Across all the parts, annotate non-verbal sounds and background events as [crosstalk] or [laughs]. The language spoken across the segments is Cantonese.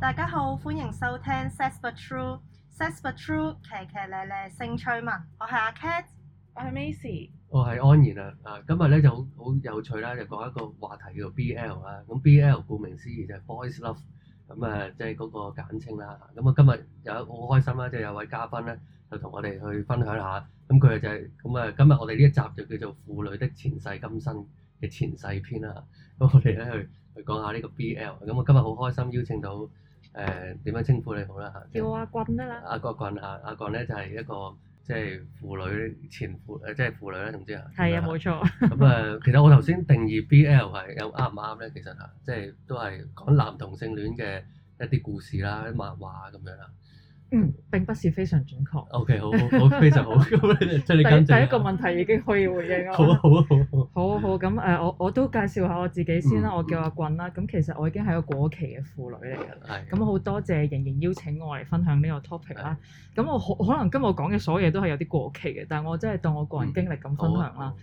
大家好，歡迎收聽 Says But True，Says But True，騎騎咧咧性趣聞。我係阿 Cat，我係 Macy，我係安然啊。啊，今日咧就好好有趣啦，就講一個話題叫做 BL 啊。咁 BL 顧名思義 love、嗯呃、就係 boys love，咁啊即係嗰個簡稱啦、啊。咁、嗯、啊今日有好開心啦，即、就、係、是、有位嘉賓咧就同我哋去分享下。咁、嗯、佢就係咁啊，今日我哋呢一集就叫做《婦女的前世今生》嘅前世篇啦、啊。咁、嗯、我哋咧去去講下呢個 BL、嗯。咁我今日好開心邀請到。誒點樣稱呼你好啦？嚇、啊，叫阿棍啦。阿國棍啊，阿棍咧、啊、就係、是、一個即係婦女前夫誒，即係婦女啦。總之啊，係啊冇錯。咁啊 [laughs] 嗯呃，其實我頭先定義 BL 係有啱唔啱咧，其實吓、啊，即係都係講男同性戀嘅一啲故事啦、一啲漫畫咁樣啦。嗯，並不是非常準確。O K，好好，好 [laughs] 非常好。咁即係你跟第一個問題已經可以回應 [laughs] 好。好啊，好啊，好啊。好好。咁誒，uh, 我我都介紹下我自己先啦。嗯、我叫阿棍啦。咁其實我已經係個過期嘅婦女嚟㗎啦。係、嗯。咁好多謝盈盈邀請我嚟分享呢個 topic 啦。咁、嗯、我可能今日講嘅所有嘢都係有啲過期嘅，但係我真係當我個人經歷咁分享啦。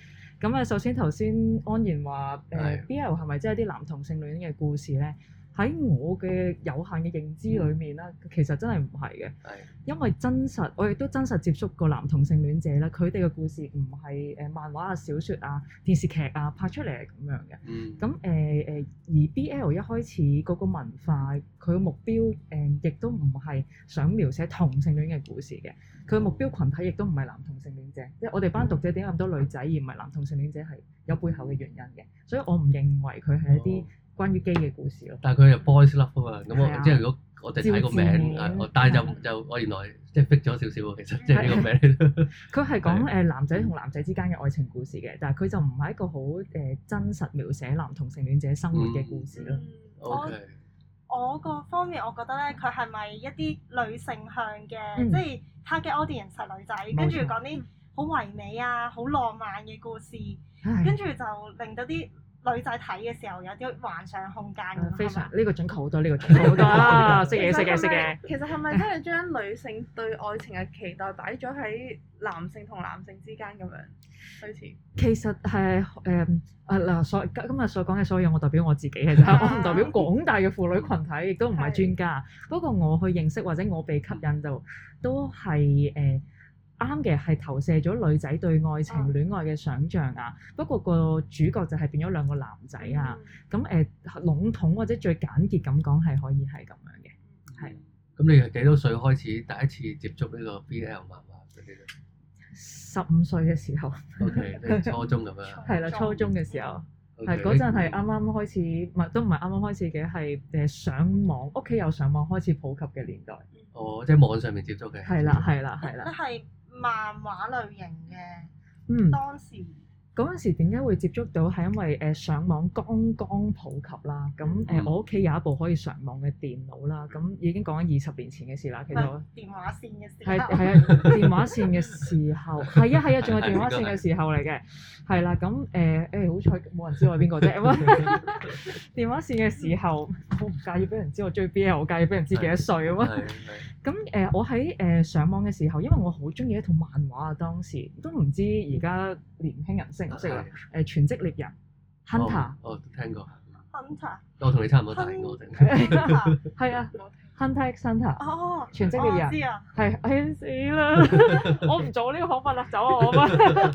咁啊、嗯，嗯嗯、首先頭先安然話誒 B L 係咪即係啲男同性戀嘅故事咧？喺我嘅有限嘅認知裏面啦，嗯、其實真係唔係嘅，的因為真實我亦都真實接觸過男同性戀者啦，佢哋嘅故事唔係誒漫畫啊、小説啊、電視劇啊拍出嚟係咁樣嘅。咁誒誒，而 BL 一開始嗰個文化，佢個目標誒亦、嗯、都唔係想描寫同性戀嘅故事嘅，佢嘅目標群體亦都唔係男同性戀者，即係我哋班讀者點解咁多女仔、嗯、而唔係男同性戀者係有背後嘅原因嘅，所以我唔認為佢係一啲、嗯。嗯關於 gay 嘅故事咯，但係佢係 boys love 啊嘛，咁我的即係如果我 man，就睇個名，但係就就我原來即係逼咗少少喎，其實即係呢個名的。佢係講誒男仔同男仔之間嘅愛情故事嘅，但係佢就唔係一個好誒真實描寫男同性戀者生活嘅故事咯、嗯 Okay。我我個方面我覺得咧，佢係咪一啲女性向嘅，即係、嗯、target audience 係女仔，錯跟住講啲好唯美啊、好浪漫嘅故事，嗯、 [laughs] 跟住就令到啲。女仔睇嘅時候有啲幻想空間非常。呢、uh, 個準確好多，呢、呢個準確好多，識嘢識嘢識嘢。其實係咪真係將女性對愛情嘅期待擺咗喺男性同男性之間咁樣？類似其實係誒、嗯、啊嗱，所今日所講嘅所有，我代表我自己嘅啫，我唔代表廣大嘅婦女群體，亦都唔係專家。不過我去認識或者我被吸引就都係誒。呃啱嘅，係投射咗女仔對愛情戀愛嘅想像啊！不過個主角就係變咗兩個男仔啊！咁誒，籠統或者最簡潔咁講係可以係咁樣嘅，係。咁你係幾多歲開始第一次接觸呢個 BL 漫畫嗰啲咧？十五歲嘅時候，初中咁樣。係啦，初中嘅時候，係嗰陣係啱啱開始，唔係都唔係啱啱開始嘅，係誒上網，屋企有上網開始普及嘅年代。哦，即係網上面接觸嘅。係啦，係啦，係啦。但漫畫類型嘅，嗯、當時。嗰陣時點解會接觸到係因為誒上網剛剛普及啦，咁、嗯、誒、嗯呃、我屋企有一部可以上網嘅電腦啦，咁已經講緊二十年前嘅事啦，其實電話線嘅時係係啊電話線嘅時候係啊係啊仲係電話線嘅時候嚟嘅，係啦咁誒誒好彩冇人知我係邊個啫，電話線嘅時候, [laughs] 時候、嗯欸、我唔 [laughs] 介意俾人知我追 BL 我介意俾人知幾多歲啊嘛，咁誒、 [laughs] 嗯嗯、我喺誒上網嘅時候，因為我好中意一套漫畫啊，當時都唔知而家年輕人識。角全職獵人 Hunter，哦，我聽過，Hunter，我同你差唔多大個，係啊，Hunter X Hunter，哦，全職獵人，係係死啦，我唔做呢個方法啦，走啊我啦，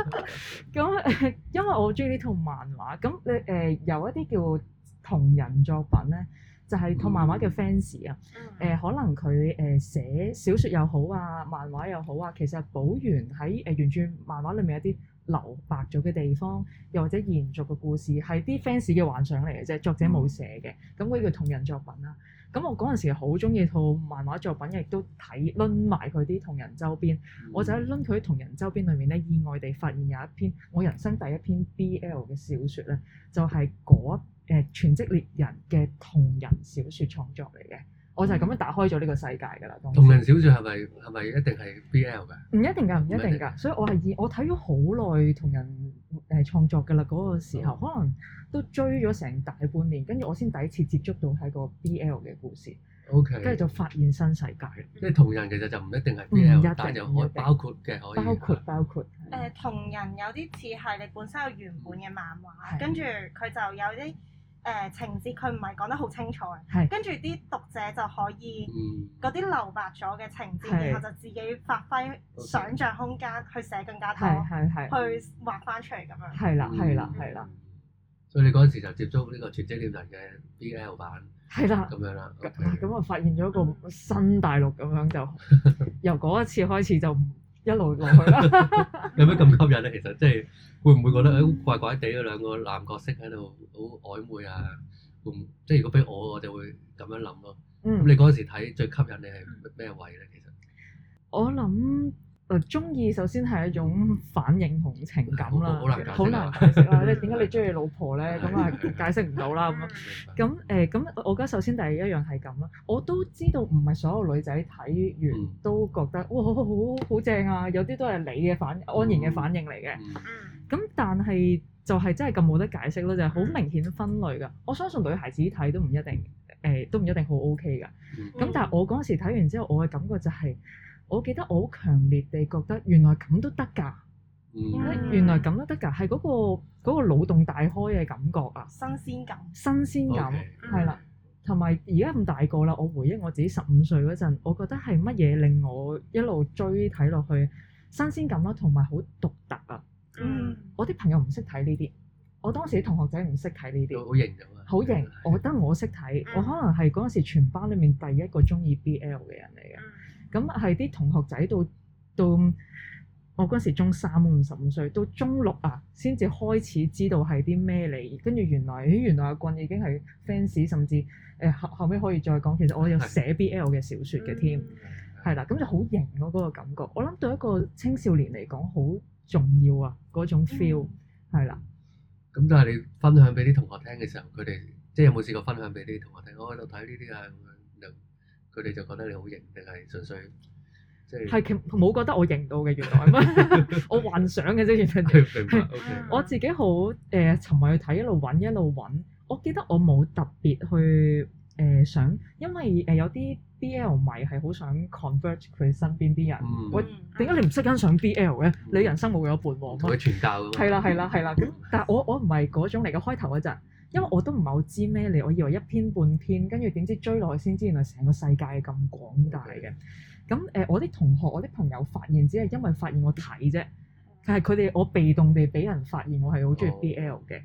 咁因為我好中意呢套漫畫，咁你誒有一啲叫同人作品咧，就係套漫畫叫 fans 啊，誒可能佢誒寫小説又好啊，漫畫又好啊，其實補完喺誒原著漫畫裏面有一啲。留白咗嘅地方，又或者延續嘅故事，係啲 fans 嘅幻想嚟嘅啫，作者冇寫嘅，咁呢個叫同人作品啦。咁我嗰陣時好中意套漫畫作品，亦都睇搵埋佢啲同人周邊，我就喺搵佢同人周邊裏面咧，意外地發現有一篇我人生第一篇 BL 嘅小說咧，就係嗰誒全職獵人嘅同人小說創作嚟嘅。我就係咁樣打開咗呢個世界㗎啦。同人小説係咪係咪一定係 BL 㗎？唔一定㗎，唔一定㗎。所以我係以我睇咗好耐同人誒創作㗎啦。嗰個時候可能都追咗成大半年，跟住我先第一次接觸到係個 BL 嘅故事。OK。跟住就發現新世界。即係同人其實就唔一定係 BL，但又可包括嘅可以。包括包括誒同人有啲似係你本身有原本嘅漫畫，跟住佢就有啲。誒、呃、情節佢唔係講得好清楚嘅，跟住啲讀者就可以嗰啲、嗯、留白咗嘅情節，然是後就自己發揮想像空間去寫更加多，去畫翻出嚟咁樣。係啦，係啦，係啦。嗯、所以你嗰陣時就接觸呢個《全職獵人》嘅 BL 版，係啦的，咁樣啦，咁啊發現咗一個新大陸咁樣，就由嗰一次開始就。 [laughs] 一路落去 [laughs] [laughs] 有咩咁吸引咧？其實即係會唔會覺得誒怪怪地嗰兩個男角色喺度好曖昧啊？會唔即係如果俾我，我就會咁樣諗咯、啊。咁、嗯、你嗰陣時睇最吸引你係咩位咧？其實我諗。誒，中意首先係一種反應同情感啦，好難解釋啦。你點解你中意老婆咧？咁啊解釋唔到啦咁。咁誒咁，我覺得首先第一樣係咁啦。我都知道唔係所有女仔睇完都覺得哇好好正啊，有啲都係你嘅反，安然嘅反應嚟嘅。咁、嗯嗯、但係就係真係咁冇得解釋咯，就係、是、好明顯分類噶。我相信女孩子睇都唔一定，誒、呃、都唔一定好 OK 噶。咁、嗯、但係我嗰時睇完之後，我嘅感覺就係、是。嗯我記得我好強烈地覺得原來咁都得㗎，原來咁都得㗎，係嗰個嗰個腦洞大開嘅感覺啊，新鮮感，新鮮感係啦，同埋而家咁大個啦，我回憶我自己十五歲嗰陣，我覺得係乜嘢令我一路追睇落去新鮮感啦，同埋好獨特啊，我啲朋友唔識睇呢啲，我當時啲同學仔唔識睇呢啲，好型咁啊，好型，我覺得我識睇，我可能係嗰陣時全班裡面第一個中意 BL 嘅人嚟嘅。咁係啲同學仔到到我嗰時中三，十五歲到中六啊，先至開始知道係啲咩嚟。跟住原來原來阿棍已經係 fans，甚至誒、呃、後尾可以再講。其實我有寫 BL 嘅小說嘅添，係啦。咁就好型咯，嗰個感覺。我諗對一個青少年嚟講好重要啊，嗰種 feel 係啦、嗯。咁就係你分享俾啲同學聽嘅時候，佢哋即係有冇試過分享俾啲同學聽？我喺度睇呢啲啊。佢哋就覺得你好型，定係純粹即係，係 [noise] 冇樂覺得我型到嘅原來， [laughs] 我幻想嘅啫，完全。我自己好誒，沉、呃、迷去睇，一路揾，一路揾。我記得我冇特別去誒、呃、想，因為誒、呃、有啲 BL 迷係好想 convert 佢身邊啲人。嗯、我點解你唔識欣賞 BL 咧？嗯、你人生冇咗一半喎、啊？佢傳教。係啦，係 [noise] 啦樂，係、嗯、啦。咁， [laughs] 但係我但我唔係嗰種嚟嘅開頭嗰陣。 [music] 因為我都唔係好知咩嚟，我以為一篇半篇，跟住點知追落去先知原來成個世界咁廣大嘅。咁誒、呃，我啲同學、我啲朋友發現，只係因為發現我睇啫。但係佢哋我被動地俾人發現我，我係好中意 BL 嘅。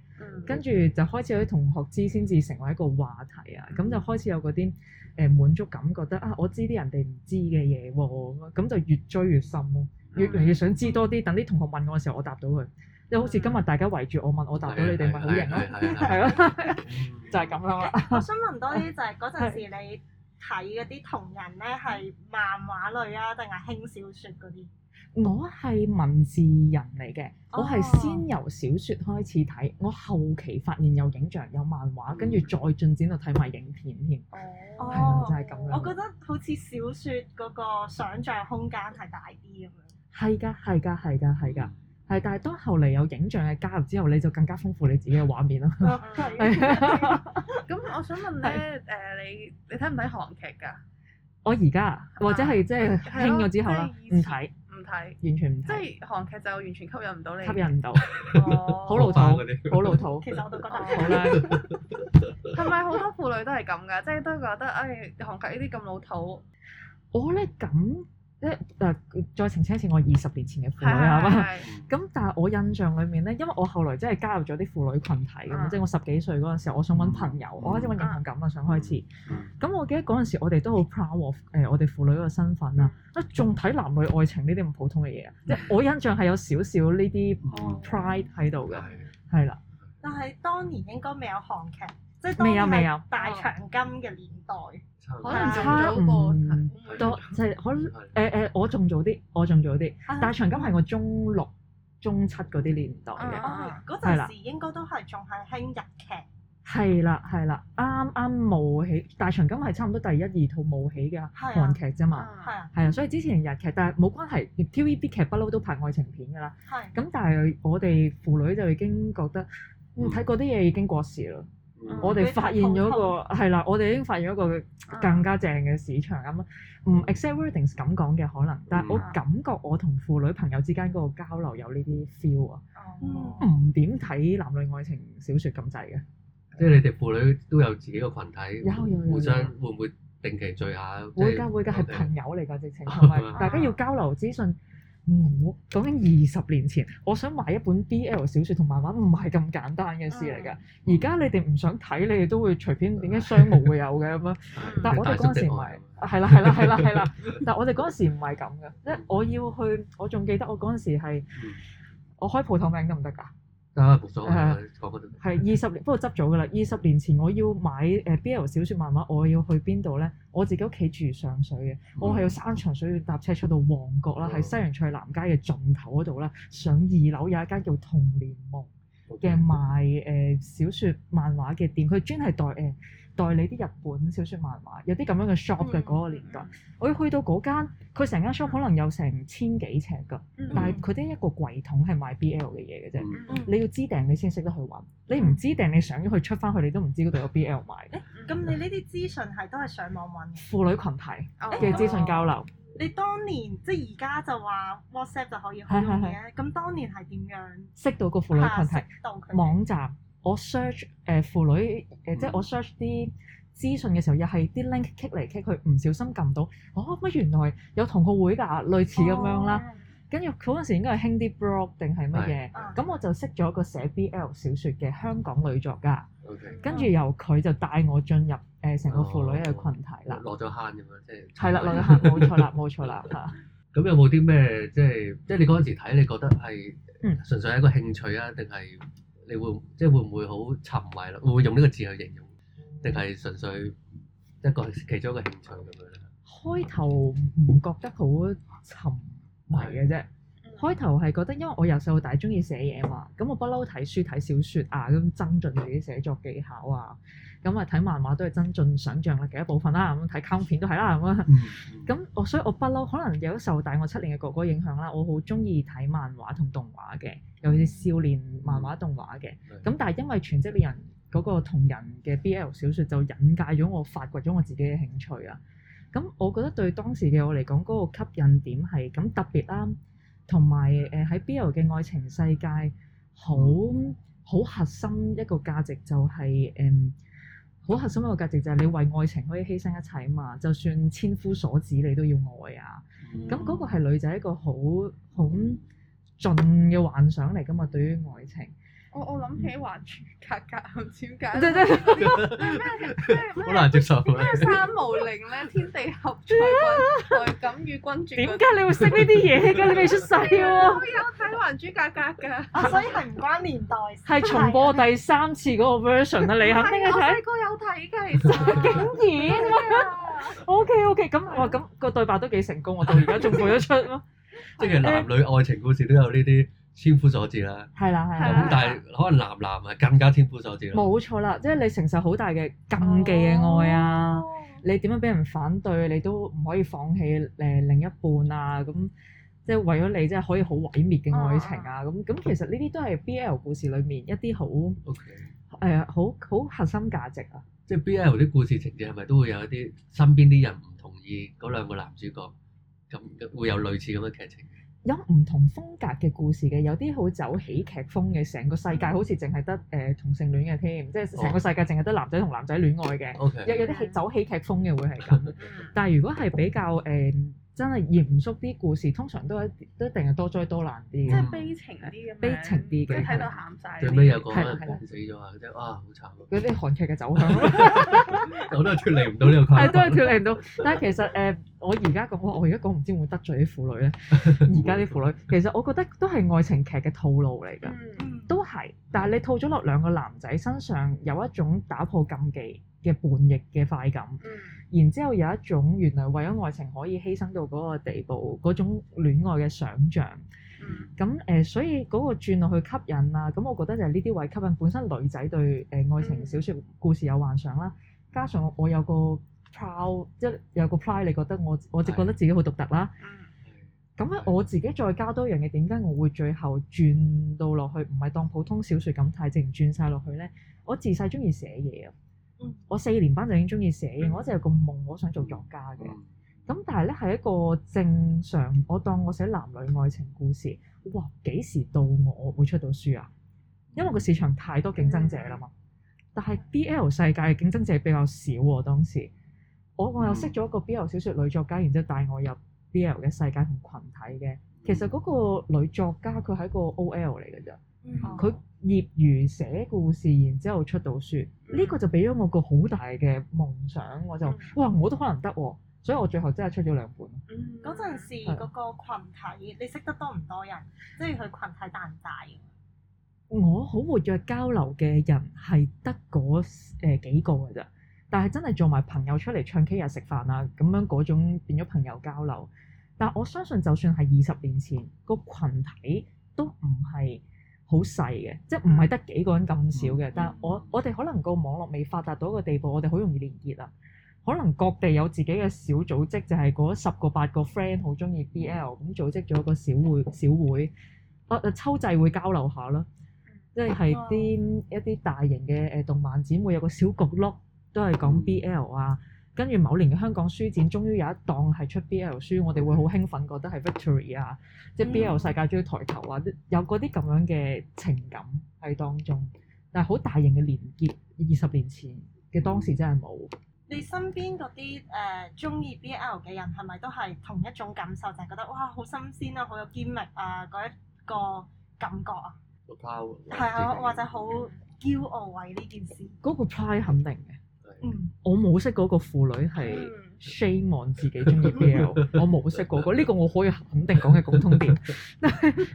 跟、嗯、住就開始有啲同學知，先至成為一個話題啊。咁、嗯、就開始有嗰啲誒滿足感覺，覺得啊，我知啲人哋唔知嘅嘢喎。咁就越追越深咯，越嚟越想知多啲。等啲同學問我嘅時候，我答到佢。就好似今日大家圍住我問我答到你哋咪好型咯，係咯，就係咁樣啦。我想問多啲，就係嗰陣時你睇嗰啲同人咧，係漫畫類啊，定係輕小說嗰啲？我係文字人嚟嘅，我係先由小說開始睇，我後期發現有影像、有漫畫，跟住再進展到睇埋影片添。哦，係就係咁樣。我覺得好似小說嗰個想像空間係大啲咁樣。係㗎，係㗎，係㗎，係㗎。係，但係當後嚟有影像嘅加入之後，你就更加豐富你自己嘅畫面咯。咁我想問咧，誒你你睇唔睇韓劇噶？我而家或者係即係傾咗之後啦，唔睇唔睇，完全唔睇。即係韓劇就完全吸引唔到你，吸引唔到。好老土，好老土。其實我都覺得好啦，同埋好多婦女都係咁噶，即係都覺得誒韓劇呢啲咁老土。我咧咁。即再澄清一次，我二十年前嘅腐女係嘛咁？但係我印象裏面咧，因為我後來真係加入咗啲腐女群體咁，即係我十幾歲嗰陣時候，我想揾朋友，我開始揾情感啊，想開始咁。我記得嗰陣時，我哋都好 proud of 誒我哋腐女嗰個身份啊，仲睇男女愛情呢啲咁普通嘅嘢，即係我印象係有少少呢啲 pride 喺度嘅係啦。但係當年應該未有韓劇。未有未有大長今嘅年代，可能差唔多、嗯、多，就係可能誒誒我仲早啲，我仲早啲。大長今係我中六中七嗰啲年代嘅，嗰陣時，應該都係仲係興日劇，係啦係啦，啱啱冒起大長今係差唔多第一二套冒起嘅韓劇啫嘛，係啊、嗯，係啊，所以之前日劇，但係冇關係，T V B 劇不嬲、啊、好都拍愛情片㗎喇，係咁的，但係我哋父女就已經覺得睇嗰啲嘢已經過時啦。嗯、我哋發現咗一個係啦、嗯，我哋已經發現咗一個更加正嘅市場咁。唔 exciting 咁講嘅可能，但係我感覺我同婦女朋友之間嗰個交流有呢啲 feel 啊、嗯，唔點睇男女愛情小説咁滯嘅。即係你哋婦女都有自己個羣體，有有有有有互相會唔會定期聚下？就是、會噶會噶，係朋友嚟噶直情同埋，大家要交流資訊。 [laughs] 我究竟二十年前，我想買一本 BL 小説同漫畫，唔係咁簡單嘅事嚟噶。而家你哋唔想睇，你哋都會隨便點解，商務會有嘅咁樣。 [laughs] 但係我哋嗰陣時唔係，係啦係啦係啦係啦。啦啦啦啦 [laughs] 但係我哋嗰陣時唔係咁嘅，即係我要去，我仲記得我嗰陣時係，我開鋪頭名得唔得㗎？啊，冇所謂，講嗰啲。係二十年，不過執咗噶啦。二十、嗯、年前，我要買誒 BL 小説漫畫，我要去邊度咧？我自己屋企住上水嘅，我係要山長水遠搭車出到旺角啦，喺、嗯、西洋菜南街嘅盡頭嗰度啦，上二樓有一間叫童年夢嘅賣誒小説漫畫嘅店，佢專係代誒。代理啲日本小説漫畫，有啲咁樣嘅 shop 嘅嗰、嗯、個年代，我要去到嗰間，佢成間 shop 可能有成千幾尺㗎，嗯、但係佢得一個櫃桶係賣 BL 嘅嘢嘅啫。嗯、你要知訂你先識得去揾，嗯、你唔知訂你想咗去出翻去，你都唔知嗰度有 BL 賣。誒，咁你呢啲資訊係都係上網揾嘅。婦女群體嘅資訊交流。哦欸哦、你當年即係而家就話 WhatsApp 就可以好用嘅，咁當年係點樣識到個婦女群體、啊、網站？我 search 誒腐女誒、呃，即係我 search 啲資訊嘅時候，又係啲 link click 嚟 click 去，唔小心撳到，哦，乜原來有同個會㗎，類似咁樣啦。跟住嗰陣時應該係興啲 blog 定係乜嘢，咁、嗯嗯、我就識咗個寫 BL 小説嘅香港女作家。O K、嗯。跟住由佢就帶我進入誒成、呃、個腐女嘅群體啦、哦。落咗坑咁樣，即係。係啦，落咗坑，冇錯啦，冇錯啦，嚇。咁有冇啲咩即係即係你嗰陣時睇，就是、你覺得係純粹係一個興趣啊，定係？你會即係會唔會好沉迷，會唔會用呢個字去形容，定係純粹一個其中一個興趣咁樣咧？開頭唔覺得好沉迷嘅啫，的開頭係覺得因為我由細到大中意寫嘢嘛，咁我不嬲睇書睇小説啊，咁增進自己寫作技巧啊。咁啊睇漫畫都係增進想像力嘅一部分啦，咁睇卡通片都係啦，咁、嗯、 [laughs] 我所以我不嬲，可能有受大我七年嘅哥哥影響啦，我好中意睇漫畫同動畫嘅，尤其是少年漫畫動畫嘅。咁、嗯、但係因為全職戀人嗰、嗰個同人嘅 BL 小説就引介咗我發掘咗我自己嘅興趣啊。咁我覺得對當時嘅我嚟講，嗰、嗰個吸引點係咁特別啦，同埋誒喺 BL 嘅愛情世界好好核心一個價值就係、係、誒。嗯。好核心嘅價值就係你為愛情可以犧牲一切啊嘛，就算千夫所指你都要愛啊，咁嗰個係女仔一個好好盡嘅幻想嚟噶嘛，對於愛情。我我諗起《還珠格格》，點解？咩咩咩咩？好難接受。咩三無零咧？天地合，珠、啊，俊聚；與君主君。點解你會識呢啲嘢嘅？啊、你未出世喎、啊。我、啊、有睇《還珠格格》㗎、啊。所以係唔關年代。係重播第三次嗰個 version 啊！啊你肯定去睇、啊？我細個有睇㗎，其實。 [laughs] 竟然 OK OK，咁哇，咁個、啊 okay, okay, 對白都幾成功，我到而家仲背得出咯。 [laughs] 即係男女愛情故事都有呢啲。千夫所指啦，係啦係啦，咁但係可能男男啊更加千夫所指啦。冇錯啦，即係你承受好大嘅禁忌嘅愛啊，啊你點樣俾人反對，你都唔可以放棄誒另一半啊，咁、嗯、即係為咗你即係可以好毀滅嘅愛情啊，咁咁、啊嗯嗯、其實呢啲都係 BL 故事裏面一啲好誒好好核心價值啊。即係 BL 啲故事情節係咪都會有一啲身邊啲人唔同意嗰兩個男主角，咁會有類似咁嘅劇情？有唔同風格嘅故事嘅，有啲好走喜劇風嘅，成個世界好似淨係得呃同性戀嘅添，即係成個世界淨係得男仔同男仔戀愛嘅。Okay. 有有啲走喜劇風嘅會係咁， [laughs] 但係如果係比較、呃真係嚴肅啲故事，通常都一都一定係多災多難啲嘅。即係、嗯、悲情啲咁悲情啲嘅，喺度喊曬。最尾有講死咗的啊，嗰啲啊好慘。嗰啲韓劇嘅走向，我都係脫離唔到呢個區。係都係脫離唔到，但係其實誒、 [laughs] 呃，我而家講我而家講唔知會得罪啲腐女咧。而家啲腐女其實我覺得都係愛情劇嘅套路嚟㗎，嗯、都係。但係你套咗落兩個男仔身上，有一種打破禁忌嘅叛逆嘅快感。嗯然之後有一種原來為咗愛情可以犧牲到嗰個地步嗰種戀愛嘅想像，咁誒、嗯呃，所以嗰個轉落去吸引啦、啊。咁我覺得就係呢啲位吸引本身女仔對誒、呃、愛情小說故事有幻想啦。加上我有個 proud，即係有個 pride，你覺得我我就覺得自己好獨特啦。咁咧、嗯、我自己再加多樣嘢，點解我會最後轉到落去唔係當普通小說咁，太靜轉晒落去咧？我自細中意寫嘢啊！我四年班就已經中意寫，我一直有個夢，我想做作家嘅。咁但係咧，係一個正常，我當我寫男女愛情故事，哇，幾時到我會出到書啊？因為個市場太多競爭者啦嘛。但係 B L 世界嘅競爭者比較少喎，當時我我又識咗一個 B L 小說女作家，然之後帶我入 B L 嘅世界同群體嘅。其實嗰個女作家佢係一個 O L 嚟嘅咋。佢、嗯、業餘寫故事，然之後出到書，呢、這個就俾咗我個好大嘅夢想。我就、嗯、哇，我都可能得，所以我最後真係出咗兩本。嗰陣、嗯、時嗰個羣體，的你識得多唔多人？即係佢群體大唔大？我好活躍交流嘅人係得嗰誒幾個㗎啫。但係真係做埋朋友出嚟唱 K 日飯啊、食飯啊咁樣嗰種變咗朋友交流。但我相信，就算係二十年前個群體都唔係。好細嘅，即係唔係得幾個人咁少嘅，但係我我哋可能個網絡未發達到一個地步，我哋好容易連結啦。可能各地有自己嘅小組織，就係、是、嗰十個八個 friend 好中意 BL，咁組織咗個小會小會，小會，啊秋祭會交流下啦。即係啲一啲大型嘅誒動漫展會有個小角落都係講 BL 啊。跟住某年嘅香港書展，終於有一檔係出 BL 書，我哋會好興奮，覺得係 Victory 啊，即係 BL 世界終於抬頭啊，有嗰啲咁樣嘅情感喺當中。但係好大型嘅連結，二十年前嘅當時真係冇、嗯。你身邊嗰啲誒鍾意 BL 嘅人，係咪都係同一種感受，就係覺得哇好新鮮啊，好有堅力啊嗰一個感覺啊？有係 The power, 啊，或者好驕傲為呢件事。嗰個 pride 肯定嘅。嗯，我冇識嗰個婦女係 shame 自己中意 BL 我冇識嗰、那個，呢、這個我可以肯定講嘅共通點。 [laughs]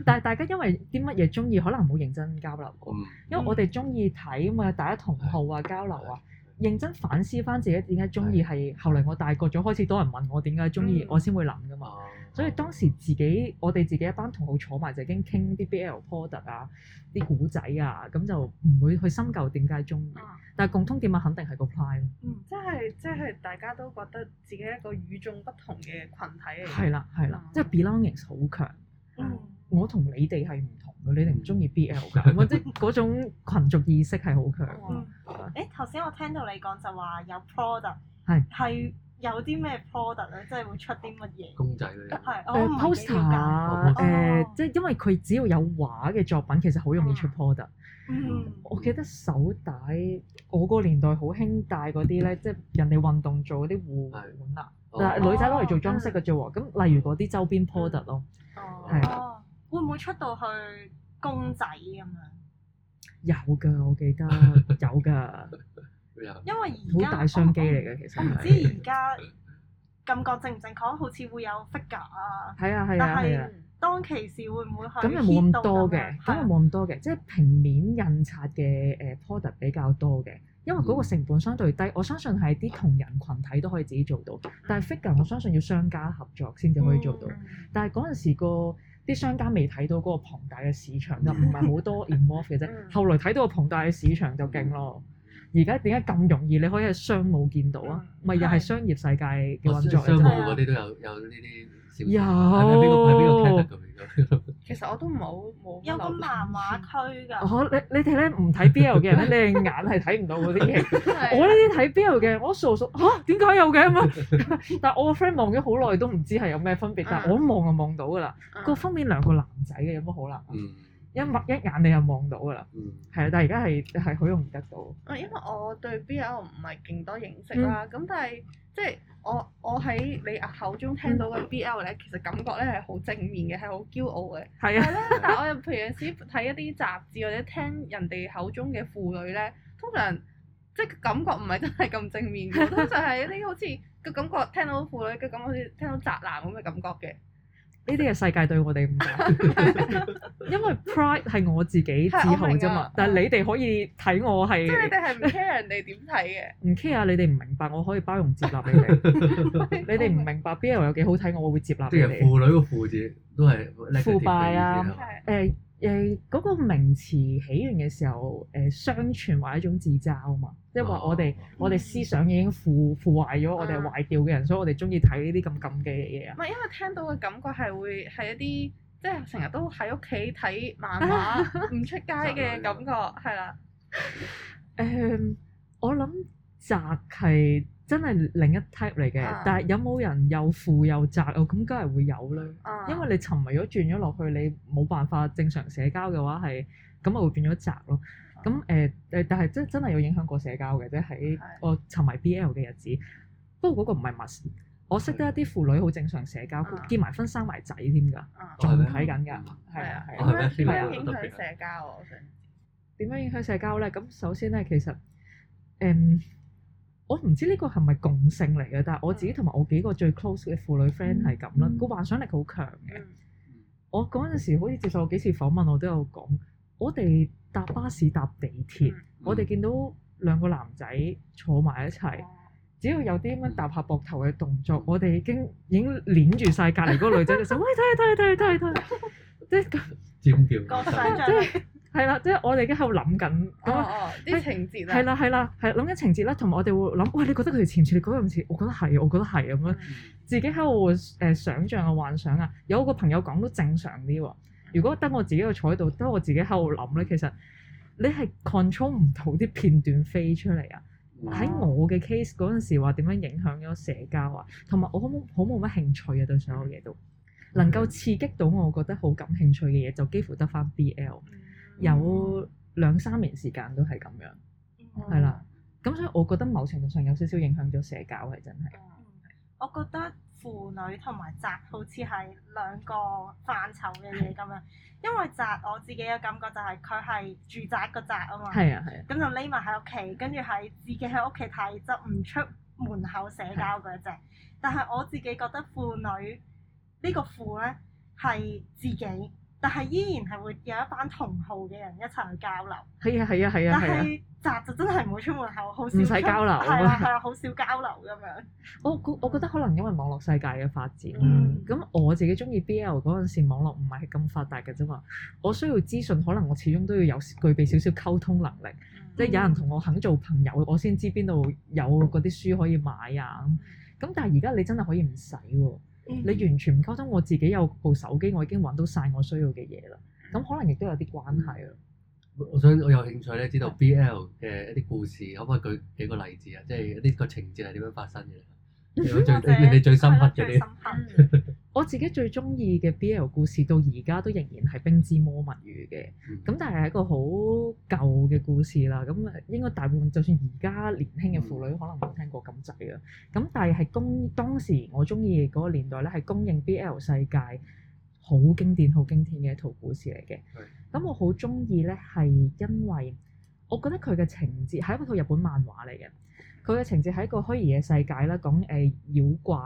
但係大家因為啲乜嘢中意，可能冇認真交流過，因為我哋中意睇嘛，大家同好啊交流啊，認真反思翻自己點解中意，係後嚟我大個咗開始多人問我點解中意，嗯、我先會諗噶嘛。所以當時自己，我哋自己一班同學坐埋就已經傾啲 BL product 啊，啲古仔啊，咁就唔會去深究點解中意。啊、但係共通點啊，肯定係個 plan 咯。嗯，即係即係大家都覺得自己一個與眾不同嘅群體嚟。係啦係啦，嗯、即係 belongings 好強。嗯、我你同你哋係唔同嘅，你哋唔中意 BL 㗎，或者嗰種群族意識係好強。嗯。誒、欸，頭先我聽到你講就話有 product 係係是。有啲咩 product 咧，即係會出啲乜嘢？公仔嚟嘅。係，誒 poster，誒即係因為佢只要有畫嘅作品，其實好容易出 product。嗯。我記得手帶，我個年代好興戴嗰啲咧，即係人哋運動做嗰啲護腕啦，但女仔攞嚟做裝飾嘅啫喎。咁例如嗰啲周邊 product 咯，係啊。會唔會出到去公仔咁樣？有㗎，我記得有㗎。因為而家好大商機嚟嘅，其實我唔知而家感覺正唔正確，好似會有 figure 啊。係啊係啊，但係當其時會唔會係咁又冇咁多嘅，咁又冇咁多嘅，是啊、即係平面印刷嘅誒 product 比較多嘅，因為嗰個成本相對低，嗯、我相信係啲窮人群體都可以自己做到。但係 figure，我相信要商家合作先至可以做到。嗯、但係嗰陣時個啲商家未睇到嗰個龐大嘅市場就唔係好多 involve 嘅啫。後來睇到個龐大嘅市場就勁咯。而家點解咁容易？你可以喺商務見到啊，咪又係商業世界嘅運作，哦、商務嗰啲都有有呢啲小。有。喺邊有、這個喺邊個區？咁其實我都冇冇有個漫畫區㗎。你你哋咧唔睇 BL 嘅人咧，你， [laughs] 你眼係睇唔到嗰啲嘢。我呢啲睇 BL 嘅，我傻傻嚇，點解有嘅咁啊？ [laughs] 但係我個 friend 望咗好耐都唔知係有咩分別？嗯、但係我一望就望到㗎啦。嗯、個封面兩個男仔嘅有乜可能？嗯。一擘一眼你就望到㗎喇，係啊，但係而家係係好容易得到。啊，因為我對 BL 唔係勁多認識啦，咁、嗯、但係即係我我喺你口中聽到嘅 BL 咧，其實感覺咧係好正面嘅，係好驕傲嘅。係啊的。係啦，但係我又譬如有時睇一啲雜誌或者聽人哋口中嘅婦女咧，通常即係、就是、感覺唔係真係咁正面嘅， [laughs] 通常係一啲好似個感覺聽到婦女嘅感覺，好似聽到宅男咁嘅感覺嘅。呢啲嘅世界對我哋唔同， [laughs] 因為 pride 係我自己自豪啫嘛。啊、但係你哋可以睇我係，即係 [laughs] [laughs] 你哋係唔 care 人哋點睇嘅，唔 care 你哋唔明白，我可以包容接納你哋。 [laughs] [laughs] [laughs] 你哋唔明白 BL 有幾好睇，我會接納你。即係婦女個婦字都係腐敗啊！誒。欸誒嗰、呃那個名詞起源嘅時候，誒、呃、相傳話一種自嘲啊嘛，即係話我哋、嗯、我哋思想已經腐腐壞咗，我哋係壞掉嘅人，啊、所以我哋中意睇呢啲咁禁忌嘅嘢啊。唔係因為聽到嘅感覺係會係一啲即係成日都喺屋企睇漫畫，唔 [laughs] 出街嘅感覺係啦。誒，我諗就係。真係另一 type 嚟嘅，但係有冇人又富又宅啊？咁梗係會有啦，因為你沉迷咗轉咗落去，你冇辦法正常社交嘅話，係咁咪會變咗宅咯。咁誒誒，但係真真係有影響過社交嘅，即係喺我沉迷 BL 嘅日子。不過嗰個唔係密，我識得一啲婦女好正常社交，結埋婚生埋仔添㗎，仲睇緊㗎。係啊係啊，點樣影響社交啊？我想知點樣影響社交咧？咁首先咧，其實誒。我唔知呢個係咪共性嚟嘅，但係我自己同埋我幾個最 close 嘅婦女 friend 係咁啦，個、嗯嗯、幻想力好強嘅。我嗰陣時好似接受幾次訪問，我都有講，我哋搭巴士搭地鐵，嗯、我哋見到兩個男仔坐埋一齊，只要有啲咁搭下膊頭嘅動作，我哋已經已經掹住晒隔籬嗰個女仔，就話、嗯： [laughs] [laughs] 喂，睇睇睇睇睇，即係 [laughs] 尖叫，國勢 [laughs] [laughs] 係啦，即係我哋而家喺度諗緊，咁啲、oh, oh，係情節啊，係啦係啦，係諗緊情節啦。同埋我哋會諗，喂，你覺得佢哋似唔似？你覺得唔似？我覺得係，我覺得係咁樣。Mm hmm. 自己喺度誒想像嘅幻想啊。有個朋友講都正常啲喎。如果得我自己去坐喺度，得我自己喺度諗咧，其實你係 control 唔到啲片段飛出嚟啊。喺、oh. 我嘅 case 嗰陣時話點樣影響咗社交啊？同埋我好冇好冇乜興趣啊，對所有嘢都能夠刺激到我覺得好感興趣嘅嘢，就幾乎得翻 BL。Mm hmm. 有兩三年時間都係咁樣，係啦、嗯，咁所以我覺得某程度上有少少影響咗社交係真係。我覺得婦女同埋宅好似係兩個範疇嘅嘢咁樣，的因為宅我自己嘅感覺就係佢係住宅個宅啊嘛，係啊係啊，咁就匿埋喺屋企，跟住係自己喺屋企睇，就唔出門口社交嗰隻。的但係我自己覺得婦女呢個婦呢係自己。但係依然係會有一班同好嘅人一齊去交流，係啊係啊係啊！啊啊啊但係是宅、啊、就真係唔好出門口，好少唔使交流，係啊係啊，好、啊啊、少交流咁樣。我我覺得可能因為網絡世界嘅發展，咁、嗯嗯、我自己中意 BL 嗰陣時，網絡唔係咁發達嘅啫嘛。我需要資訊，可能我始終都要有具備少少溝通能力，即係、嗯、有人同我肯做朋友，我先知邊度有嗰啲書可以買啊。咁但係而家你真係可以唔使喎。嗯、你完全唔覺得我自己有部手機，我已經揾到晒我需要嘅嘢啦。咁可能亦都有啲關係咯、嗯。我想我有興趣咧，知道 B L 嘅一啲故事，的可唔可以舉幾個例子啊？即係呢個情節係點樣發生嘅？嗯、最你最深刻嘅。 [laughs] 我自己最中意嘅 BL 故事到而家都仍然係《冰之魔物語》嘅，咁但係係一個好舊嘅故事啦。咁應該大部分就算而家年輕嘅婦女可能冇聽過咁滯啊。咁、嗯、但係係供當時我中意嗰個年代咧，係供應 BL 世界好經典、好經典嘅一套故事嚟嘅。咁、嗯、我好中意咧，係因為我覺得佢嘅情節係一套日本漫畫嚟嘅。佢嘅情節喺一個虛擬嘅世界啦，講誒、呃、妖怪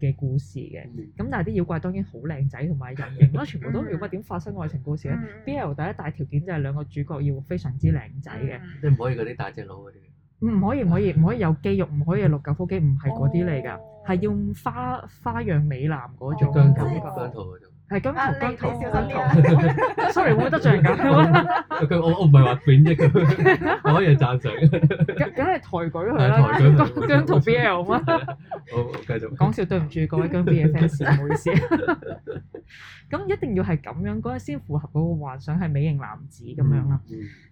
嘅故事嘅，咁、嗯嗯、但係啲妖怪當然好靚仔同埋人形啦， [laughs] 嗯、全部都冇乜點發生愛情故事咧。嗯、B L 第一大條件就係兩個主角要非常之靚仔嘅，即係唔可以嗰啲大隻佬嗰啲，唔、嗯、可以，唔可以，唔可以有肌肉，唔可以有六嚿腹肌，唔係嗰啲嚟噶，係要、哦、花花樣美男嗰種，種。姜濤，姜濤嗰種。係咁，姜濤姜濤，sorry，會唔會得罪人咁啊？佢我我唔係話貶抑嘅，講嘢讚賞嘅。梗係抬舉佢啦，姜姜濤 BL 嗎？好，繼續講笑，對唔住各位姜 BL fans，唔好意思。咁一定要係咁樣嗰個先符合嗰個幻想係美型男子咁樣啦。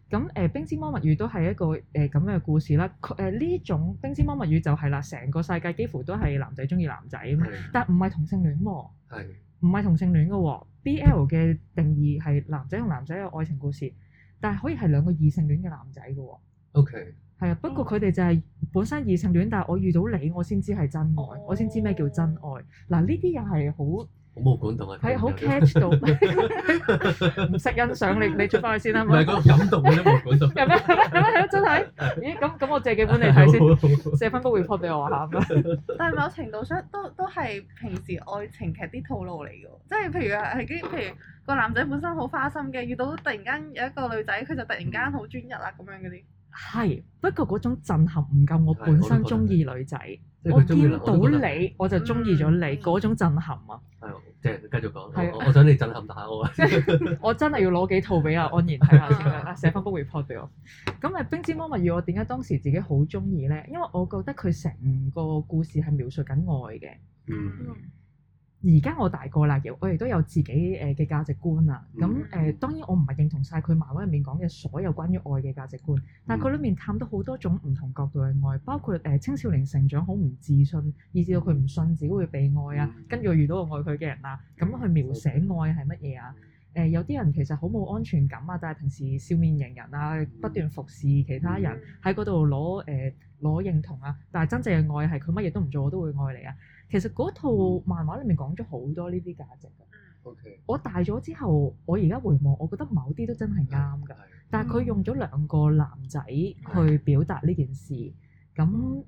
咁誒《冰之魔物語》都係一個誒咁嘅故事啦。誒呢種《冰之魔物語》就係啦，成個世界幾乎都係男仔中意男仔啊嘛，但唔係同性戀喎。係。唔係同性戀㗎喎、哦，BL 嘅定義係男仔同男仔嘅愛情故事，但係可以係兩個異性戀嘅男仔㗎喎。OK，係啊，不過佢哋就係本身異性戀，但係我遇到你，我先知係真愛，oh. 我先知咩叫真愛。嗱，呢啲又係好。好冇感動啊！係好 catch 到，唔識欣賞你，你出翻去先啦，唔係佢感動嘅冇感動，係咩？係咩？係咯，真係。咦，咁咁我借幾本嚟睇先，寫翻個 report 俾我下。但係某程度上都都係平時愛情劇啲套路嚟嘅，即係譬如係跟譬如個男仔本身好花心嘅，遇到突然間有一個女仔，佢就突然間好專一啦咁樣嗰啲。係，不過嗰種震撼唔夠，我本身中意女仔。我，我見到你我，我就中意咗你嗰、嗯、種震撼啊！即係繼續講的，我想你震撼下我。 [laughs] [laughs] 我真係要攞幾套俾阿安然睇下先，寫翻 book report 俾我。咁誒，《冰之魔物語》要我點解當時自己好中意咧？因為我覺得佢成個故事係描述緊愛嘅。嗯而家我大個啦，我亦都有自己誒嘅價值觀啦。咁誒、mm hmm. 呃、當然我唔係認同晒佢漫畫入面講嘅所有關於愛嘅價值觀，但係佢裏面探到好多種唔同角度嘅愛，包括誒、呃、青少年成長好唔自信，以至到佢唔信自己會被愛啊。Mm hmm. 跟住我遇到我愛佢嘅人啊，咁去描寫愛係乜嘢啊？誒、呃、有啲人其實好冇安全感啊，但係平時笑面迎人啊，不斷服侍其他人喺嗰度攞誒攞認同啊。但係真正嘅愛係佢乜嘢都唔做我都會愛你啊。其實嗰套漫畫裡面講咗好多呢啲價值嘅。OK。我大咗之後，我而家回望，我覺得某啲都真係啱㗎。但係佢用咗兩個男仔去表達呢件事，咁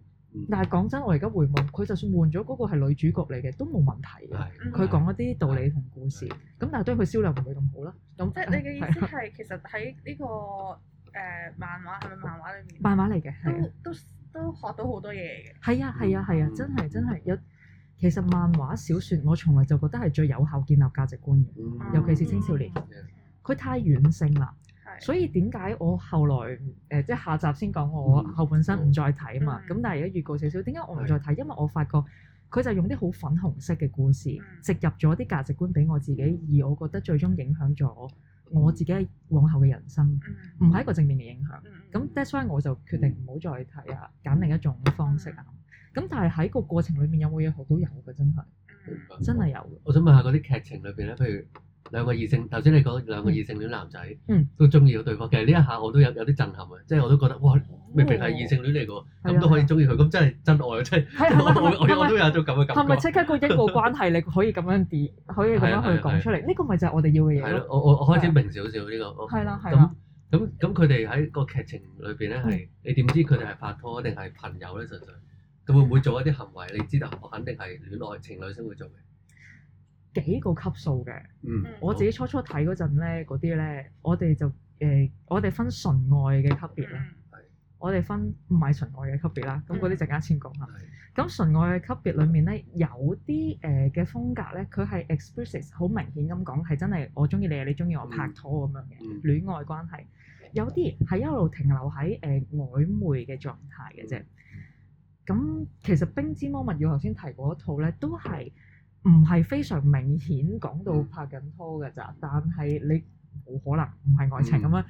但係講真，我而家回望，佢就算換咗嗰個係女主角嚟嘅，都冇問題㗎。佢講一啲道理同故事，咁但係當然佢銷量唔會咁好啦。咁即係你嘅意思係，其實喺呢個誒漫畫係咪漫畫裡面？漫畫嚟嘅，都都都學到好多嘢嘅。係啊係啊係啊！真係真係有。其實漫畫小説我從來就覺得係最有效建立價值觀嘅，mm hmm. 尤其是青少年。佢、mm hmm. 太軟性啦，mm hmm. 所以點解我後來誒、呃、即係下集先講我後半生唔再睇啊嘛？咁、mm hmm. 但係而家預告少少，點解我唔再睇？Mm hmm. 因為我發覺佢就用啲好粉紅色嘅故事植、mm hmm. 入咗啲價值觀俾我自己，而我覺得最終影響咗我自己往後嘅人生，唔係、mm hmm. 一個正面嘅影響。咁 that's why 我就決定唔好再睇啊，揀另一種方式啊。咁但係喺個過程裏面有冇嘢學到？有嘅，真係真係有。我想問下嗰啲劇情裏邊咧，譬如兩個異性，頭先你講兩個異性戀男仔都中意咗對方，其實呢一下我都有有啲震撼嘅，即係我都覺得哇，明明係異性戀嚟嘅，咁都可以中意佢，咁真係真愛啊！真係我都有種咁嘅感覺。係咪即刻個一個關係你可以咁樣變，可以咁樣去講出嚟？呢個咪就係我哋要嘅嘢。係我我我開始明少少呢個。係啦，係啦。咁咁咁，佢哋喺個劇情裏邊咧，係你點知佢哋係拍拖定係朋友咧？純粹。佢會唔會做一啲行為？你知道，我肯定係戀愛情侶先會做嘅幾個級數嘅。嗯，我自己初初睇嗰陣咧，嗰啲咧，我哋就誒、呃，我哋分純愛嘅級別啦。嗯，我哋分唔係純愛嘅級別啦。咁嗰啲陣間先講下。係。咁純愛嘅級別裏面咧，有啲誒嘅風格咧，佢係 explicit 好明顯咁講，係真係我中意你，你中意我拍拖咁樣嘅戀愛關係。有啲係一路停留喺誒、呃、曖昧嘅狀態嘅啫、嗯。咁其實《冰之魔物》我頭先提過一套咧，都係唔係非常明顯講到拍緊拖嘅咋，但係你冇可能唔係愛情咁樣啊？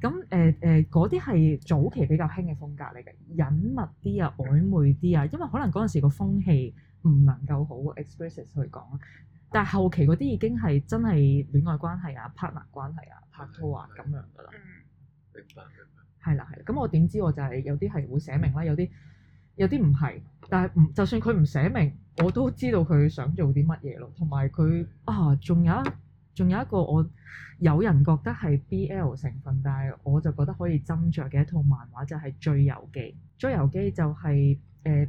咁誒誒，嗰啲係早期比較興嘅風格嚟嘅，隱密啲啊，曖昧啲啊，因為可能嗰陣時個風氣唔能夠好 expresses 去講，但係後期嗰啲已經係真係戀愛關係啊、partner 關係啊、拍拖啊咁樣噶啦。明白明白。係啦係啦，咁我點知我就係有啲係會寫明啦，嗯、有啲。有啲唔係，但係唔就算佢唔寫明，我都知道佢想做啲乜嘢咯。同埋佢啊，仲有一仲有一個我有人覺得係 BL 成分，但係我就覺得可以斟酌嘅一套漫畫就係《醉遊記》。《醉遊記》就係誒，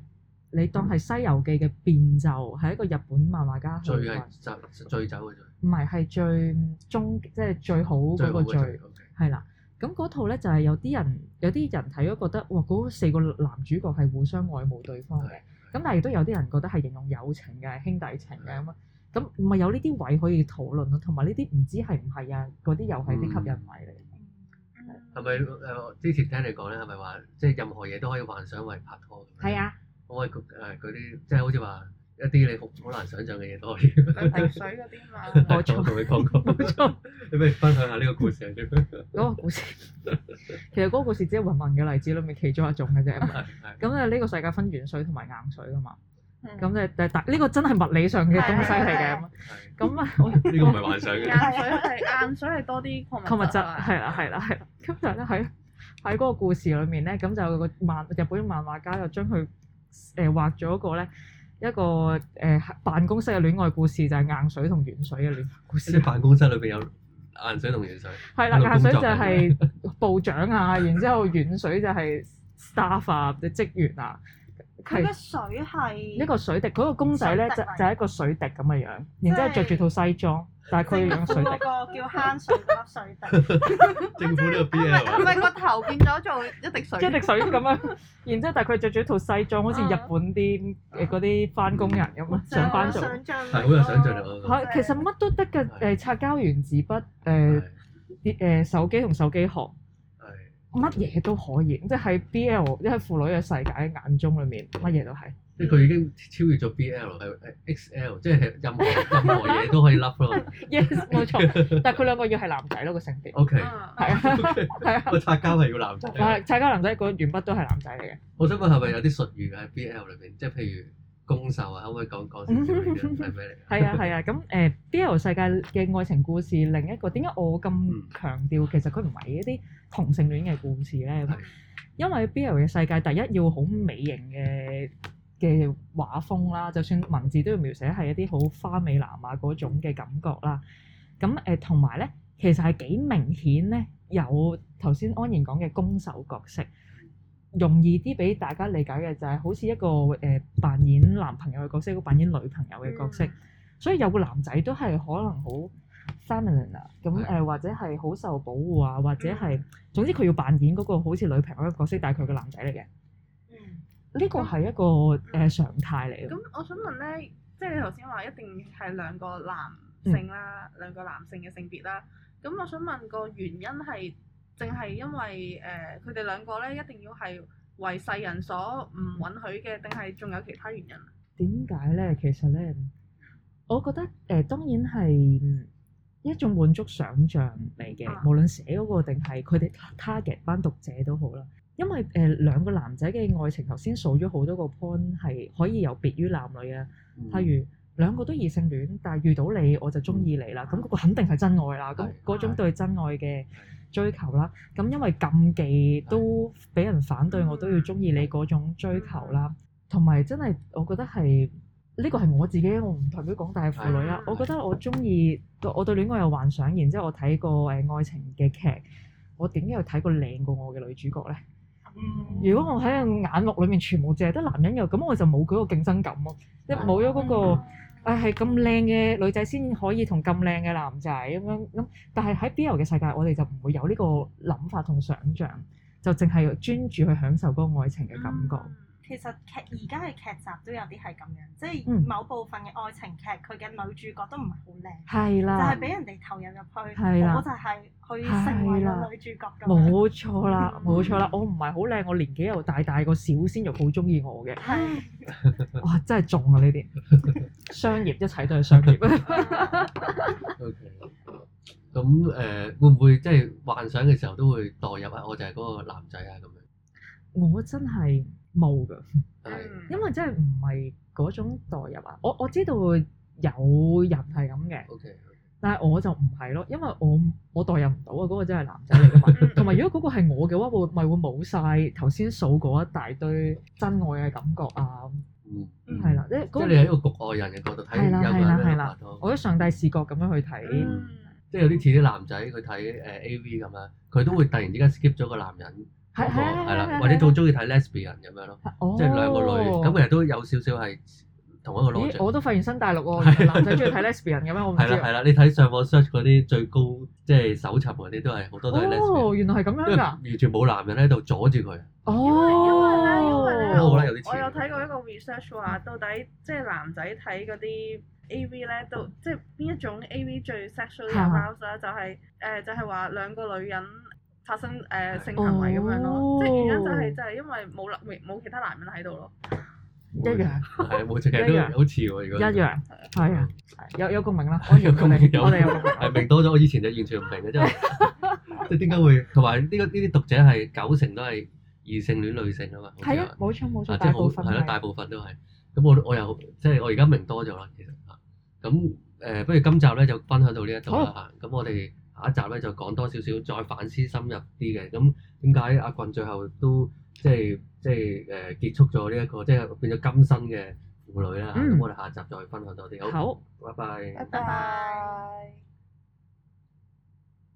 你當係《西遊記》嘅變奏，係一個日本漫畫家創作。醉係醉醉酒嘅醉。唔係，係最中即係最好嗰個醉。係啦。咁嗰套咧就係、是、有啲人有啲人睇咗覺得哇嗰四個男主角係互相愛慕對方嘅。咁的但係亦都有啲人覺得係形容友情嘅兄弟情嘅咁，咁咪的有呢啲位可以討論咯，同埋呢啲唔知係唔係啊？嗰啲又係啲吸引迷嚟，係咪誒？之前聽你講咧係咪話即係任何嘢都可以幻想為拍拖？係啊的，我唔可嗰啲、呃、即係好似話？一啲你好難想象嘅嘢都可以。鹹水嗰啲嘛，冇錯。冇錯。你咪分享下呢個故事係點？嗰個故事其實嗰個故事只係雲文嘅例子裏面其中一種嘅啫。咁咧呢個世界分軟水同埋硬水㗎嘛。咁咧但係呢個真係物理上嘅東西嚟嘅。咁啊，呢個唔係幻想嘅。硬水係硬水係多啲礦物質啊，係啦，係啦，係啦。咁就喺喺嗰個故事裏面咧，咁就個漫日本漫畫家又將佢誒畫咗一個咧。一個誒、呃、辦公室嘅戀愛故事就係硬水同軟水嘅戀愛故事。就是、故事即係辦公室裏邊有硬水同軟水。係啦，工作 硬水就係部長啊， [laughs] 然之後軟水就係 staff 嘅、啊、 [laughs] 職員啊。佢嘅水係一個水滴樣樣，嗰個公仔咧就就係一個水滴咁嘅樣，然之後着住套西裝。但係佢用水個叫慳水筆水滴，係咪係咪個頭變咗做一滴水？一滴水咁樣，然之後，但係佢著住一套西裝，好似日本啲誒嗰啲返工人咁啊，上班族，係好有想像力咯。其實乜都得㗎，誒擦膠原子筆，誒啲手機同手機殼，乜嘢都可以。即係喺 BL，即係腐女嘅世界眼中裏面，乜嘢都係。即係佢已經超越咗 BL 係 XL，即係任何任何嘢都可以 love 咯。 [laughs] Yes，冇錯，但係佢兩個要係男仔咯個性別。OK，係啊，係啊，個拆家係要男仔。啊、拆家男，男仔，啊、男原本都係男仔嚟嘅。 [laughs] 我想問係咪有啲術語喺 BL 裏邊？即係譬如攻受啊，可唔可以講講少係咩嚟？係啊係啊，咁誒、啊呃、BL 世界嘅愛情故事，另一個點解我咁強調其實佢唔係一啲同性戀嘅故事咧、啊？因為 BL 嘅世界第一要好美型嘅。嘅畫風啦，就算文字都要描寫係一啲好花美男啊嗰種嘅感覺啦。咁誒同埋咧，其實係幾明顯咧，有頭先安然講嘅攻守角色，容易啲俾大家理解嘅就係好似一個誒、呃、扮演男朋友嘅角色，一個扮演女朋友嘅角色，嗯、所以有個男仔都係可能好 feminine 啊，咁、呃、誒或者係好受保護啊，或者係，嗯、總之佢要扮演嗰個好似女朋友嘅角色，但係佢個男仔嚟嘅。呢個係一個誒那、呃、常態嚟嘅。咁我想問咧，即、就、係、是、你頭先話一定係兩個男性啦，嗯、兩個男性嘅性別啦。咁我想問個原因係，淨係因為誒佢哋兩個咧一定要係為世人所唔允許嘅，定係仲有其他原因？點解咧？其實咧，我覺得誒、呃、當然係一種滿足想像嚟嘅，啊、無論寫嗰個定係佢哋 target 班讀者都好啦。因為誒、呃、兩個男仔嘅愛情，頭先數咗好多個 point 係可以有別於男女啊。嗯、例如兩個都異性戀，但係遇到你我就中意你啦，咁嗰、嗯、個肯定係真愛啦。咁嗰、嗯、種對真愛嘅追求啦，咁因為禁忌、嗯、都俾人反對，我都要中意你嗰種追求啦。同埋、嗯、真係，我覺得係呢、這個係我自己，我唔代表廣大婦女啦。嗯、我覺得我中意我對戀愛有幻想，然之後我睇過誒愛情嘅劇，我點解要睇個靚過我嘅女主角咧？嗯、如果我喺個眼目裏面全部凈係得男人又咁，我就冇嗰個競爭感咯，即冇咗嗰個誒係咁靚嘅女仔先可以同咁靚嘅男仔咁樣咁。但係喺 BL 嘅世界，我哋就唔會有呢個諗法同想像，就淨係專注去享受嗰個愛情嘅感覺。嗯其實劇而家嘅劇集都有啲係咁樣，即係某部分嘅愛情劇，佢嘅女主角都唔係好靚，係啦、嗯，就係俾人哋投入入去，我、嗯、就係去成為個女主角咁。冇錯啦，冇、嗯、錯啦，我唔係好靚，我年紀又大，大，大個小鮮肉，好中意我嘅，哇！真係中啊，呢啲商業一切都係商業。咁誒、 [laughs] [laughs] okay。呃，會唔會即係、就是、幻想嘅時候都會代入啊？我就係嗰個男仔啊咁樣。我真係～冇噶，係，因為真係唔係嗰種代入啊！我我知道有人係咁嘅，ok，但係我就唔係咯，因為我我代入唔到啊！嗰個真係男仔嚟噶嘛，同埋如果嗰個係我嘅話，我咪會冇晒頭先數嗰一大堆真愛嘅感覺啊！嗯，係啦，即係你喺一個局外人嘅角度睇，係啦，係啦，係啦，我喺上帝視角咁樣去睇，即係有啲似啲男仔去睇誒 A V 咁樣，佢都會突然之間 skip 咗個男人。係係啦，或者仲中意睇 lesbian 咁樣咯，即係兩個女，咁其實都有少少係同一個邏輯。我都發現新大陸喎，男仔中意睇 lesbian 嘅咩？我唔知。係啦係啦，你睇上網 search 嗰啲最高即係搜尋嗰啲都係好多都係 lesbian。哦，原來係咁樣㗎。完全冇男人喺度阻住佢。哦。因為咧，因為咧，我有睇過一個 research 話，到底即係男仔睇嗰啲 AV 咧，都即係邊一種 AV 最 sexual 嘅 arouse 咧？就係誒，就係話兩個女人。發生誒性行為咁樣咯，即係原因就係就係因為冇冇其他男人喺度咯，一樣係冇隻嘅都好似喎，如果一樣係啊，有有共鳴啦，有共鳴，我哋有共鳴，係明多咗，我以前就完全唔明嘅，真係，即點解會同埋呢個呢啲讀者係九成都係異性戀女性啊嘛，係啊，冇錯冇錯，即係好係咯，大部分都係，咁我我又即係我而家明多咗啦，其實嚇，咁誒不如今集咧就分享到呢一度啦，咁我哋。下一集咧就講多少少，再反思深入啲嘅。咁點解阿郡最後都即係即係誒結束咗呢一個，即係變咗今生嘅婦女啦？咁、嗯、我哋下一集再分享多啲。好，拜拜。拜拜。